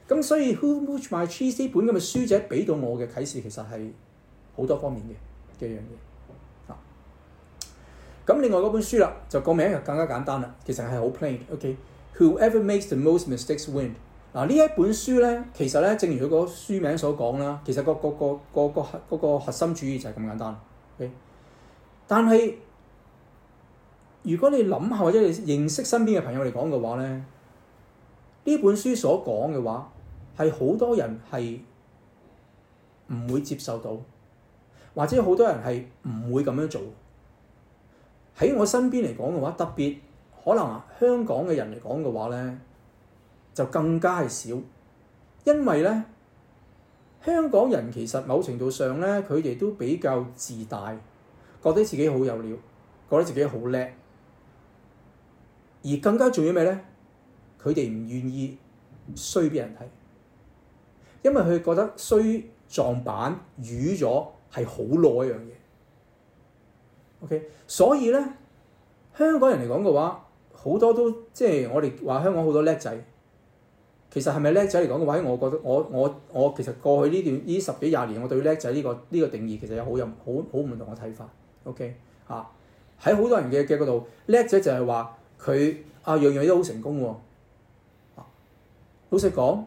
咁所以 Who Moved My Cheese 呢本咁嘅書仔，俾到我嘅啟示，其實係好多方面嘅嘅一樣嘢。啊，咁另外嗰本書啦，就個名就更加簡單啦，其實係好 plain 嘅。Okay，Whoever makes the most mistakes wins。嗱、啊、呢一本書咧，其實咧正如佢個書名所講啦，其實、個、個、個、個個、嗰個核心主義就係咁簡單。Okay，但係如果你諗下或者你認識身邊嘅朋友嚟講嘅話咧，呢本書所講嘅話，係好多人係唔會接受到，或者好多人係唔會咁樣做。喺我身邊嚟講嘅話，特別可能香港嘅人嚟講嘅話咧，就更加係少。因為咧，香港人其實某程度上咧，佢哋都比較自大，覺得自己好有料，覺得自己好叻。而更加重要咩咧？佢哋唔願意衰俾人睇。因為佢覺得衰、撞板瘀咗係好耐一樣嘢，OK，所以咧香港人嚟講嘅話，好多都即係我哋話香港好多叻仔，其實係咪叻仔嚟講嘅話，我覺得我我我，我其實過去呢段呢十幾廿年，我對叻仔呢個呢、呢個定義其實有好有好好唔同嘅睇法，OK，嚇喺好多人嘅嘅度，叻仔就係話佢啊樣樣都好成功喎、啊，老實講。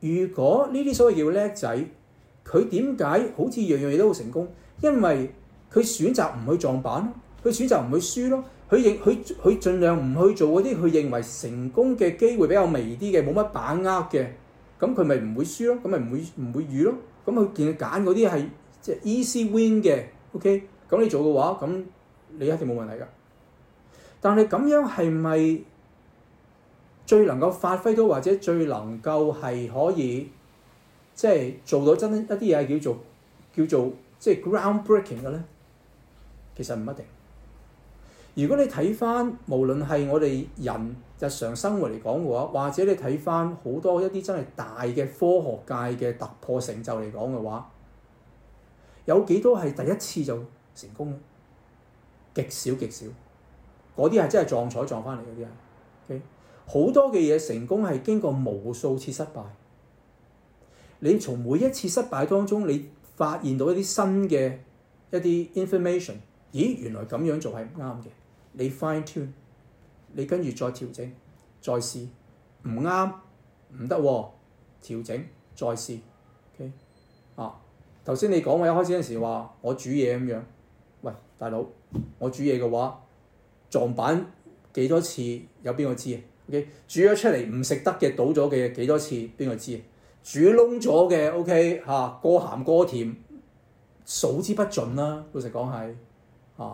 如果呢啲所謂叫叻仔，佢點解好似樣樣嘢都好成功？因為佢選擇唔去撞板咯，佢選擇唔去輸咯，佢認佢佢盡量唔去做嗰啲佢認為成功嘅機會比較微啲嘅，冇乜把握嘅，咁佢咪唔會輸咯，咁咪唔會唔會預咯，咁佢見佢揀嗰啲係即係 easy win 嘅，OK，咁你做嘅話，咁你一定冇問題㗎。但係咁樣係咪？最能夠發揮到或者最能夠係可以即係、就是、做到真一啲嘢叫做叫做即係、就是、groundbreaking 嘅咧，其實唔一定。如果你睇翻無論係我哋人日常生活嚟講嘅話，或者你睇翻好多一啲真係大嘅科學界嘅突破成就嚟講嘅話，有幾多係第一次就成功嘅？極少極少，嗰啲係真係撞彩撞翻嚟嗰啲係。Okay？好多嘅嘢成功係經過無數次失敗。你從每一次失敗當中，你發現到一啲新嘅一啲 information。咦，原來咁樣做係唔啱嘅。你 fine tune，你跟住再調整，再試，唔啱，唔得喎，調整，再試。Okay? 啊，頭先你講我一開始嗰陣時話我煮嘢咁樣。喂，大佬我煮嘢嘅話撞板幾多次有邊個知啊？Okay? 煮咗出嚟唔食得嘅，倒咗嘅幾多次，邊個知？煮窿咗嘅，OK 嚇、啊，過鹹過甜，數之不盡啦、啊。老實講係嚇，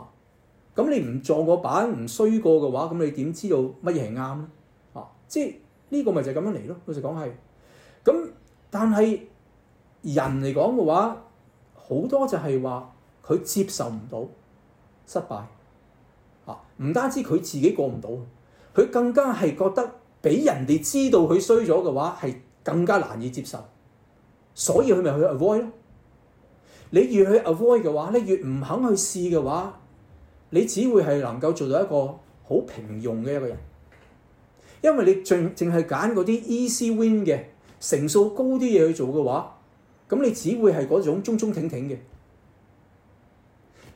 咁、啊、你唔撞個板唔衰過嘅話，咁你點知道乜嘢係啱咧？嚇、啊，即係呢、這個咪就係咁樣嚟咯。老實講係，咁但係人嚟講嘅話，好多就係話佢接受唔到失敗，嚇、啊、唔單止佢自己過唔到。佢更加係覺得俾人哋知道佢衰咗嘅話係更加難以接受，所以佢咪去 avoid 咯。你越去 avoid 嘅話，你越唔肯去試嘅話，你只會係能夠做到一個好平庸嘅一個人。因為你淨淨係揀嗰啲 easy win 嘅，成數高啲嘢去做嘅話，咁你只會係嗰種中中挺挺嘅。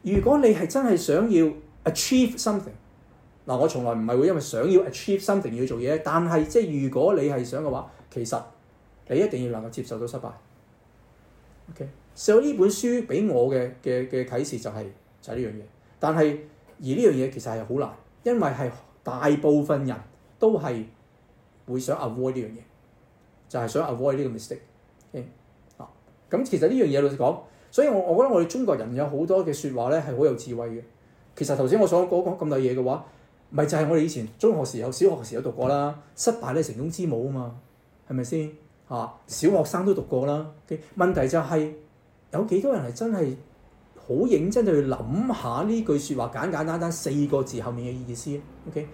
如果你係真係想要 achieve something，嗱，我從來唔係會因為想要 achieve something 要做嘢，但係即係如果你係想嘅話，其實你一定要能夠接受到失敗。OK，所以呢本書俾我嘅嘅嘅啟示就係就係呢樣嘢。但係而呢樣嘢其實係好難，因為係大部分人都係會想 avoid 呢樣嘢，就係想 avoid 呢個 mistake。啊，okay，咁其實呢樣嘢老實講，所以我我覺得我哋中國人有好多嘅説話咧係好有智慧嘅。其實頭先我所講講咁多嘢嘅話。咪就係我哋以前中學時候、小學時候讀過啦。失敗乃成功之母啊嘛，係咪先？嚇，小學生都讀過啦。Okay? 問題就係、是、有幾多人係真係好認真去諗下呢句説話，簡簡單單，單四個字後面嘅意思。O.K.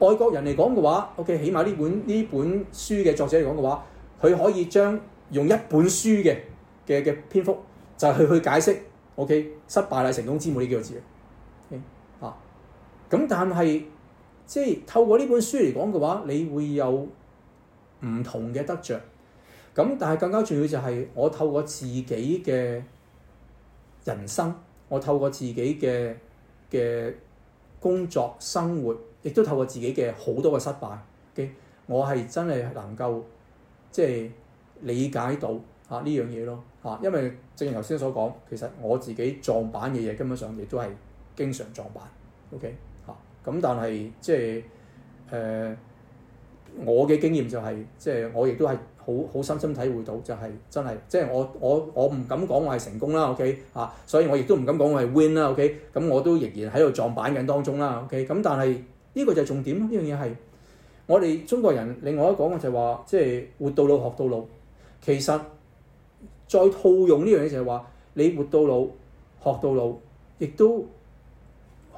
外國人嚟講嘅話，O.K. 起碼呢本呢本書嘅作者嚟講嘅話，佢可以將用一本書嘅嘅嘅篇幅就是、去去解釋。O.K. 失敗乃成功之母呢幾個字、okay? 啊。啊，咁但係。即係透過呢本書嚟講嘅話，你會有唔同嘅得着。咁但係更加重要就係我透過自己嘅人生，我透過自己嘅嘅工作生活，亦都透過自己嘅好多嘅失敗嘅，okay? 我係真係能夠即係理解到啊呢樣嘢咯。啊，因為正如頭先所講，其實我自己撞板嘅嘢根本上亦都係經常撞板。OK。咁但係即係誒，我嘅經驗就係、是，即、就、係、是、我亦都係好好深深體會到，就係、是、真係，即、就、係、是、我我我唔敢講我係成功啦，OK 啊，所以我亦都唔敢講我係 win 啦，OK，咁我都仍然喺度撞板緊當中啦，OK，咁但係呢、這個就係重點，呢樣嘢係我哋中國人另外一講嘅就係話，即、就、係、是、活到老學到老，其實再套用呢樣嘢就係話，你活到老學到老，亦都。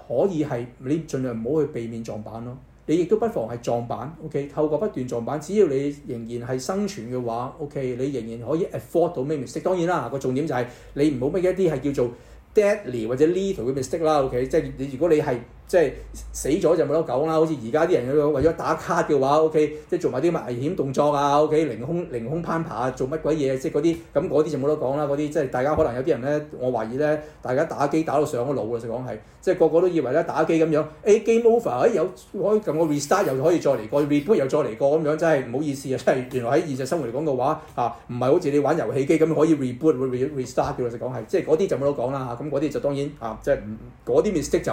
可以係你盡量唔好去避免撞板咯，你亦都不妨係撞板，OK。Okay? 透過不斷撞板，只要你仍然係生存嘅話，OK、okay?，你仍然可以 afford 到咩 mistake 當然啦，個重點就係、是、你唔好咩一啲係叫做 deadly 或者 lethal 嘅 mistake 啦、okay?，OK。即係你如果你係。即係、就是、死咗就冇得講啦，好似而家啲人為咗打卡嘅話，OK，即係做埋啲乜危險動作啊，OK，凌空凌空攀爬啊，做乜鬼嘢即係嗰啲，咁嗰啲就冇得講啦。嗰啲即係大家可能有啲人咧，我懷疑咧，大家打機打到上咗腦啦，老實講係，即係個個都以為咧打機咁樣，欸 game over，哎有開咁我 restart 又可以再嚟過，reboot 又再嚟過咁樣，真係唔好意思啊，即係原來喺現實生活嚟講嘅話，啊唔係好似你玩遊戲機咁可以 reboot，re re restart 嘅，老實講係，即係嗰啲就冇得講啦嚇，咁嗰啲就當然啊，即係唔嗰啲 mistake 就。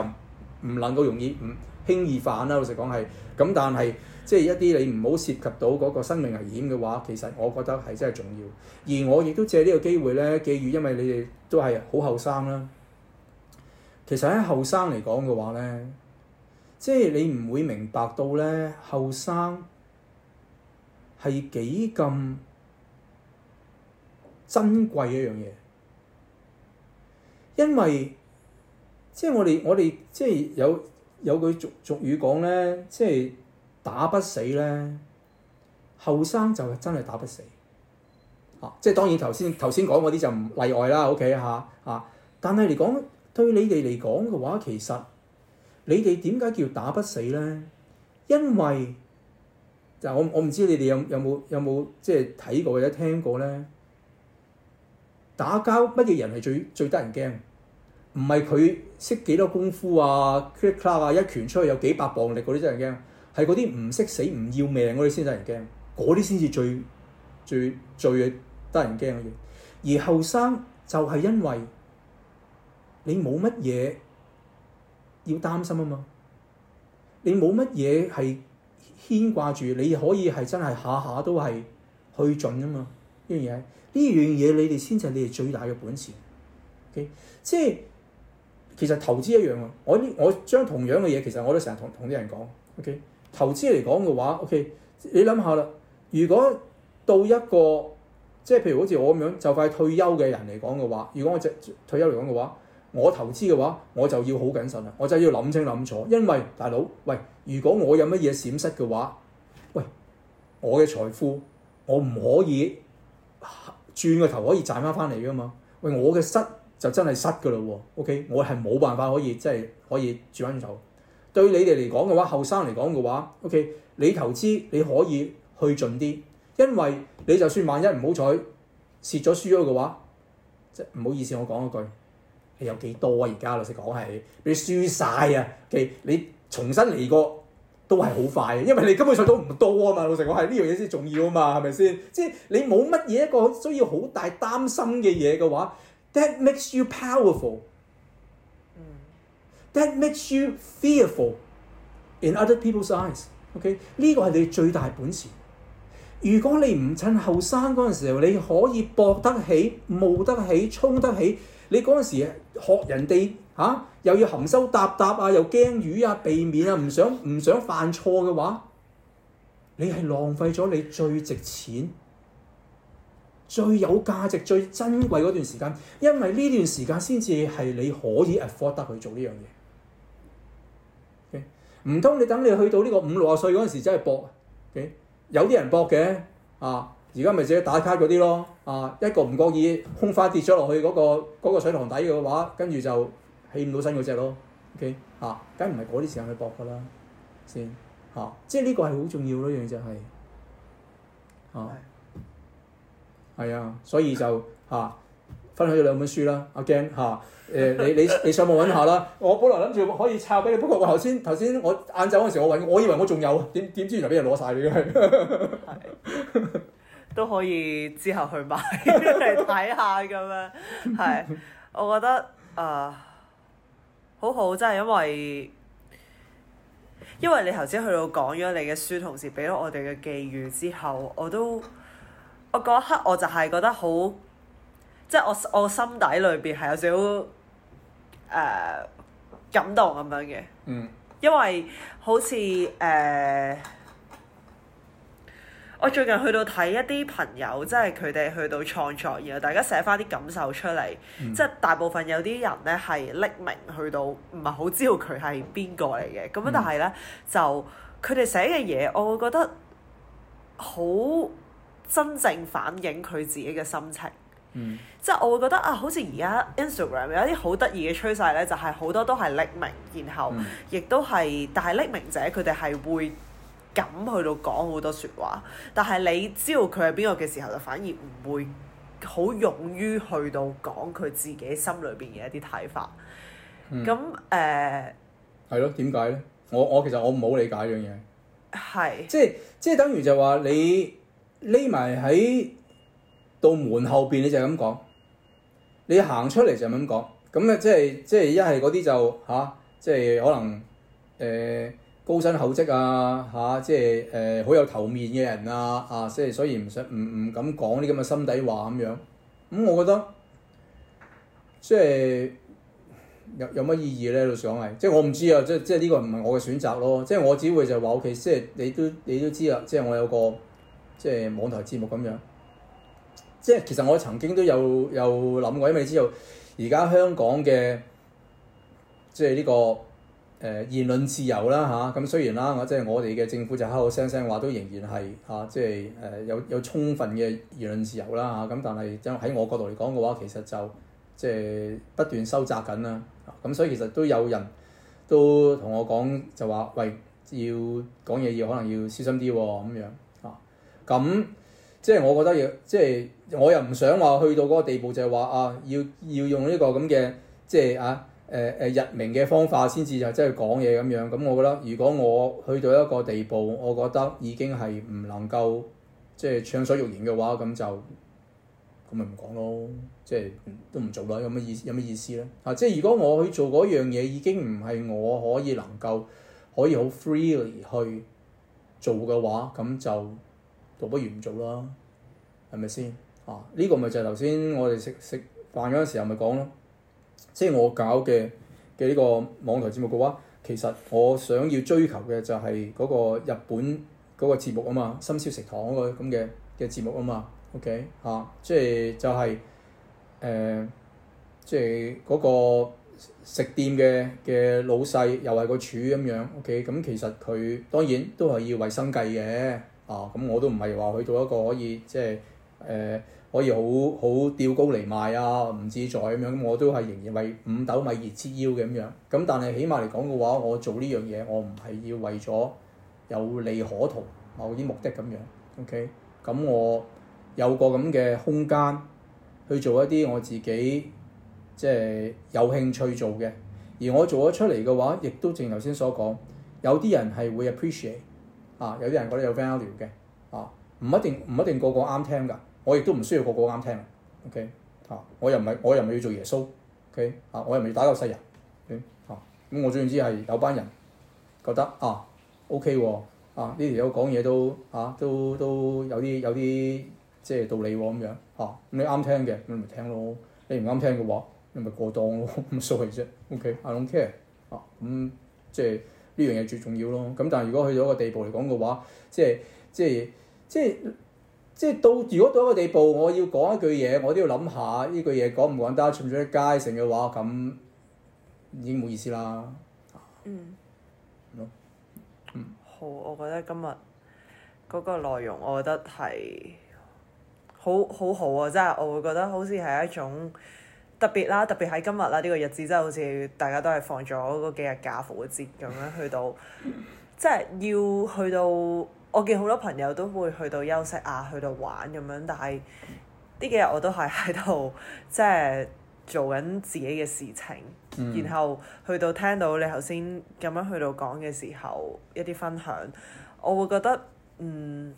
唔能夠容易唔輕易犯啦，老實講係。咁但係即係一啲你唔好涉及到嗰個生命危險嘅話，其實我覺得係真係重要。而我亦都借呢個機會咧，寄語因為你哋都係好後生啦。其實喺後生嚟講嘅話咧，即係你唔會明白到咧後生係幾咁珍貴一樣嘢，因為。即係我哋，我哋即係有有句俗俗語講咧，即係打不死咧，後生就係真係打不死。嚇、啊！即係當然頭先頭先講嗰啲就唔例外啦，OK 嚇、啊、嚇。但係嚟講對你哋嚟講嘅話，其實你哋點解叫打不死咧？因為就我我唔知你哋有有冇有冇即係睇過或者聽過咧？打交乜嘢人係最最得人驚？唔係佢識幾多功夫啊、c kick club 啊，一拳出去有幾百磅力嗰啲真係驚，係嗰啲唔識死唔要命嗰啲先得人驚，嗰啲先至最最最得人驚。而後生就係因為你冇乜嘢要擔心啊嘛，你冇乜嘢係牽掛住，你可以係真係下下都係去盡啊嘛，呢樣嘢，呢樣嘢你哋先至係你哋最大嘅本錢。Okay? 即係。其實投資一樣啊。我我將同樣嘅嘢，其實我都成日同同啲人講，OK？投資嚟講嘅話，OK？你諗下啦，如果到一個即係譬如好似我咁樣就快退休嘅人嚟講嘅話，如果我就退休嚟講嘅話，我投資嘅話我就要好謹慎啦，我就要諗清諗楚，因為大佬，喂，如果我有乜嘢閃失嘅話，喂，我嘅財富我唔可以轉個頭可以賺翻翻嚟㗎嘛？喂，我嘅失，就真係失㗎咯喎，OK，我係冇辦法可以即係、就是、可以轉翻走。對你哋嚟講嘅話，後生嚟講嘅話，OK，你投資你可以去盡啲，因為你就算萬一唔好彩蝕咗輸咗嘅話，即係唔好意思，我講一句，你有幾多啊？而家老實講係你輸晒啊，OK，你重新嚟過都係好快，因為你根本上都唔多啊嘛。老實講係呢樣嘢先重要啊嘛，係咪先？即、就、係、是、你冇乜嘢一個需要好大擔心嘅嘢嘅話。That makes you powerful，that makes you fearful in other people's eyes。OK，呢個係你最大本事。如果你唔趁後生嗰陣時候，你可以搏得起、冒得起、衝得起，你嗰陣時學人哋嚇、啊、又要含羞答答啊，又驚魚啊、避免啊，唔想唔想犯錯嘅話，你係浪費咗你最值錢，最有價值、最珍貴嗰段時間，因為呢段時間先至係你可以 afford 得去做呢樣嘢。okay？唔通你等你去到呢個五六十歲嗰陣時真，真係搏？有啲人搏嘅啊，而家咪自己打卡嗰啲咯。啊，一個唔覺意空花跌咗落去嗰、嗰個嗰個水塘底嘅話，跟住就起唔到身嗰隻咯、okay？啊。啊，梗唔係嗰啲時間去搏㗎啦。先嚇，即係呢個係好重要咯，樣嘢就係、是、啊。係啊，所以就吓，啊，分享咗兩本書啦，阿 g 吓，m 你你你上網揾下啦。我本來諗住可以抄俾你，不過我頭先頭先我晏晝嗰陣時我揾，我以為我仲有，點點知原來俾人攞晒嘅。係是 都可以之後去買嚟睇下咁樣。係， 我覺得啊，呃，好好，真係因為因為你頭先去到講咗你嘅書，同時俾咗我哋嘅寄語之後，我都。我嗰刻我就係覺得好，即係我我心底裏邊係有少少誒、呃、感動咁樣嘅。嗯。因為好似誒、呃，我最近去到睇一啲朋友，即係佢哋去到創作，然後大家寫翻啲感受出嚟，即係、嗯、大部分有啲人咧係匿名去到，唔係好知道佢係邊個嚟嘅。咁但係咧，嗯、就佢哋寫嘅嘢，我會覺得好真正反映佢自己嘅心情，嗯、即係我會覺得啊，好似而家 Instagram 有一啲好得意嘅趨勢咧，就係、是、好多都係匿名，然後亦、嗯、都係，但係匿名者佢哋係會敢去到講好多說話，但係你知道佢係邊個嘅時候，就反而唔會好勇於去到講佢自己心裏邊嘅一啲睇法。咁誒、嗯，係咯。點解咧？我我其實我唔好理解一樣嘢，係是即係即係等於就話你。匿埋喺到門後邊，你就咁講；你行出嚟就咁講。咁咧、就是，即係即係一係嗰啲就嚇、是，即、啊、係、就是、可能誒、呃、高薪厚職啊嚇，即係誒好有頭面嘅人啊啊，即、就、係、是、所以唔想唔唔敢講啲咁嘅心底話咁樣。咁、嗯、我覺得即係、就是、有有乜意義咧？喺度講係，即、就、係、是、我唔知啊，即係即係呢個唔係我嘅選擇咯。即、就、係、是、我只會就話 OK，即係你都你都知啦，即、就、係、是、我有個。即係網台節目咁樣，即係其實我曾經都有有諗過，因為你知道而家香港嘅即係呢、這個誒、呃、言論自由啦吓，咁、啊、雖然啦，即我即係我哋嘅政府就口口聲聲話都仍然係吓、啊，即係誒有有、有充分嘅言論自由啦吓，咁、啊、但係喺我角度嚟講嘅話，其實就即係不斷收窄緊啦。咁、啊啊、所以其實都有人都同我講就話喂，要講嘢要可能要小心啲喎咁、啊、樣。咁即係我覺得，亦即係我又唔想話去到嗰個地步就，就係話啊，要要用呢個咁嘅即係啊誒誒、呃、日明嘅方法先至就即係講嘢咁樣。咁、嗯、我覺得，如果我去到一個地步，我覺得已經係唔能夠即係暢所欲言嘅話，咁就咁咪唔講咯，即係都唔做啦。有乜意有乜意思咧？啊，即係如果我去做嗰樣嘢，已經唔係我可以能夠可以好 freely 去做嘅話，咁就。倒不如唔做啦，係咪先？啊，呢、這個咪就係頭先我哋食食飯嗰陣時候咪講咯，即係我搞嘅嘅呢個網台節目嘅話，其實我想要追求嘅就係嗰個日本嗰個節目啊嘛，深宵食堂嗰個咁嘅嘅節目啊嘛，OK 啊，即係就係、是、誒、呃，即係嗰個食店嘅嘅老細又係個廚咁樣，OK，咁、嗯、其實佢當然都係要為生計嘅。啊，咁我都唔係話去到一個可以即係誒，可以好好吊高嚟賣啊，唔自在咁樣，我都係仍然為五斗米而折腰嘅咁樣。咁但係起碼嚟講嘅話，我做呢樣嘢，我唔係要為咗有利可圖某啲目的咁樣。OK，咁、嗯、我有個咁嘅空間去做一啲我自己即係、就是、有興趣做嘅。而我做咗出嚟嘅話，亦都正如頭先所講，有啲人係會 appreciate。啊，有啲人覺得有 value 嘅，啊，唔一定唔一定個個啱聽㗎，我亦都唔需要個個啱聽，OK，啊，我又唔係我又唔係要做耶穌，OK，啊，我又唔係打救世人，okay? 啊，咁我總之係有班人覺得啊，OK 喎，啊呢條友講嘢都嚇、啊、都都有啲有啲即係道理喎咁樣，嚇、啊啊、你啱聽嘅你咪聽咯，你唔啱聽嘅話你咪過當咯，咁所以啫、嗯、OK，I、okay? don't care，啊，咁、嗯、即係。呢樣嘢最重要咯，咁但係如果去到一個地步嚟講嘅話，即係即係即係即係到如果到一個地步，我要講一句嘢，我都要諗下呢句嘢講唔講得出。唔出街成嘅話，咁已經冇意思啦。嗯。嗯。好，我覺得今日嗰個內容，我覺得係好好好啊！即係我會覺得好似係一種。特別啦，特別喺今日啦，呢、這個日子真係好似大家都係放咗嗰幾日假，復活節咁樣去到， 即係要去到。我見好多朋友都會去到休息啊，去到玩咁樣，但係呢幾日我都係喺度，即係做緊自己嘅事情。嗯、然後去到聽到你頭先咁樣去到講嘅時候，一啲分享，我會覺得嗯，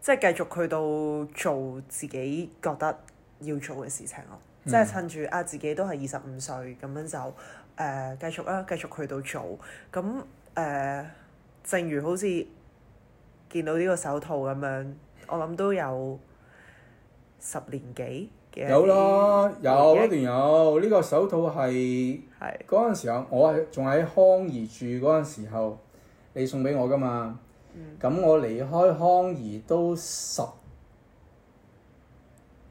即係繼續去到做自己覺得要做嘅事情咯，嗯、即係趁住啊自己都係二十五歲咁樣，就誒、呃、繼續啦，繼續去到做咁。誒、呃、正如好似見到呢個手套咁樣，我諗都有十年幾嘅。有咯，一定有一段有呢個手套，係係嗰陣時候我係仲喺康怡住嗰陣、那個、時候，你送俾我噶嘛。咁、嗯、我離開康怡都十。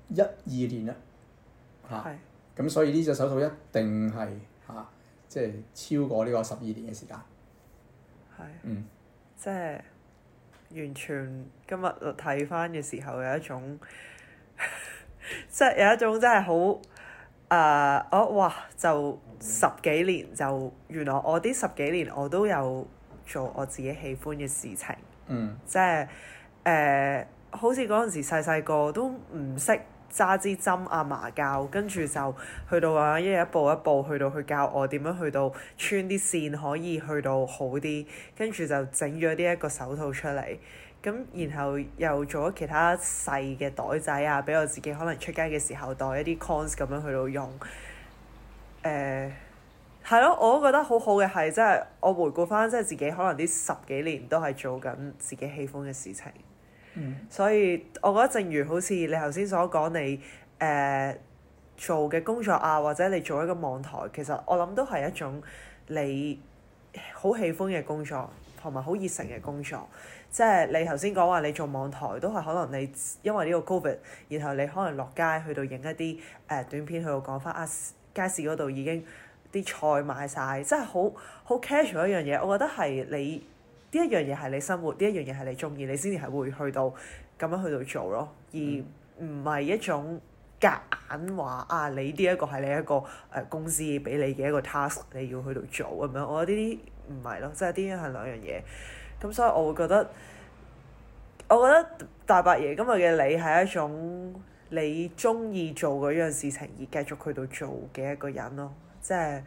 一二年啦，嚇、啊，咁是所以呢隻手套一定係嚇，即、啊、係、就是、超過呢個十二年嘅時間，係是，嗯，即係完全今日睇翻嘅時候有一種， 即係有一種真係好，誒、呃，我哇就十幾年就、嗯、原來我啲十幾年我都有做我自己喜歡嘅事情，嗯，即係誒、呃，好似嗰陣時細細個都唔識，揸支針阿、啊、麻膠，跟住就去到啊，一日一步一步去到去教我點樣去到穿啲線可以去到好啲，跟住就整咗呢一個手套出嚟，咁然後又做咗其他細嘅袋仔啊，俾我自己可能出街嘅時候袋一啲 coins 咁樣去到用。誒、呃，係咯、啊，我都覺得好好嘅係，即係、就是、我回顧翻，即、就、係、是、自己可能啲十幾年都係做緊自己喜歡嘅事情。嗯、所以，我覺得正如好似你頭先所講，你、呃、誒做嘅工作啊，或者你做一個網台，其實我諗都係一種你好喜歡嘅工作，同埋好熱誠嘅工作。即係你頭先講話你做網台，都係可能你因為呢個 covid，然後你可能落街去到影一啲誒、呃、短片去到講翻啊街市嗰度已經啲菜買晒，即係好好 casual 一樣嘢。我覺得係你。呢一樣嘢係你生活，呢一樣嘢係你中意，你先至係會去到咁樣去到做咯，而唔係一種夾硬話啊。你呢一個係你一個誒、呃、公司俾你嘅一個 task，你要去到做咁樣。我覺得呢啲唔係咯，即係呢啲係兩樣嘢。咁所以我會覺得，我覺得大伯爺今日嘅你係一種你中意做嗰樣事情而繼續去到做嘅一個人咯。即係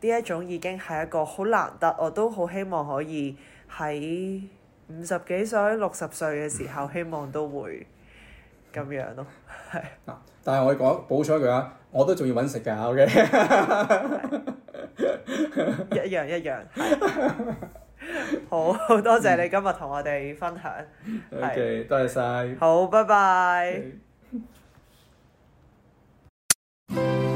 呢一種已經係一個好難得，我都好希望可以。喺五十幾歲、六十歲嘅時候，希望都會咁樣咯。係。嗱，但係我講，補充一句啊，我都仲要揾食㗎。O K，一樣一樣，一樣 好好多謝你今日同我哋分享。Okay, 是多謝晒！好，拜拜。Okay.